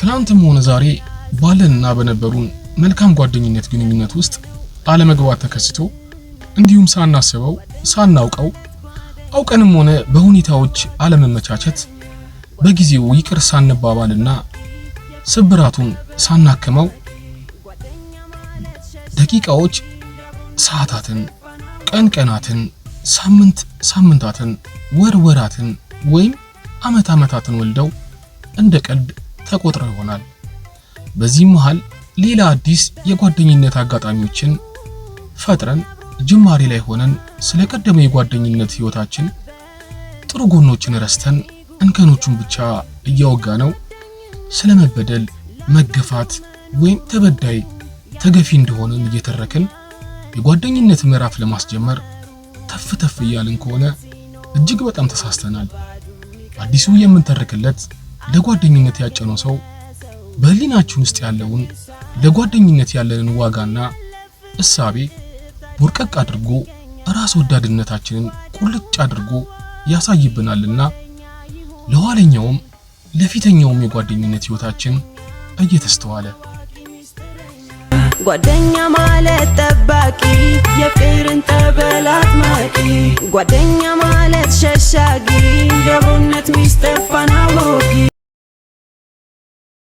ትናንትም ሆነ ዛሬ ባለንና በነበሩን መልካም ጓደኝነት ግንኙነት ውስጥ አለመግባት ተከስቶ እንዲሁም ሳናስበው ሳናውቀው አውቀንም ሆነ በሁኔታዎች አለመመቻቸት በጊዜው ይቅር ሳንባባልና ስብራቱን ሳናክመው ደቂቃዎች ሰዓታትን፣ ቀን ቀናትን፣ ሳምንት ሳምንታትን፣ ወር ወራትን ወይም ዓመት ዓመታትን ወልደው እንደ ቀልድ ተቆጥረው ይሆናል። በዚህም መሃል ሌላ አዲስ የጓደኝነት አጋጣሚዎችን ፈጥረን ጅማሬ ላይ ሆነን ስለ ቀደመ የጓደኝነት ህይወታችን ጥሩ ጎኖችን ረስተን እንከኖቹን ብቻ እያወጋ ነው ስለ መበደል፣ መገፋት ወይም ተበዳይ ተገፊ እንደሆንን እየተረክን የጓደኝነት ምዕራፍ ለማስጀመር ተፍ ተፍ እያልን ከሆነ እጅግ በጣም ተሳስተናል። አዲሱ የምንተርክለት ለጓደኝነት ያጨነው ሰው በህሊናችን ውስጥ ያለውን ለጓደኝነት ያለንን ዋጋና እሳቤ ቦርቀቅ አድርጎ ራስ ወዳድነታችንን ቁልጭ አድርጎ ያሳይብናልና ለኋለኛውም ለፊተኛውም የጓደኝነት ህይወታችን እየተስተዋለ ጓደኛ ማለት ጠባቂ የፍቅርን ጠበል ማቂ ጓደኛ ማለት ሸሻጊ ለብሩነት ሚስጠፋን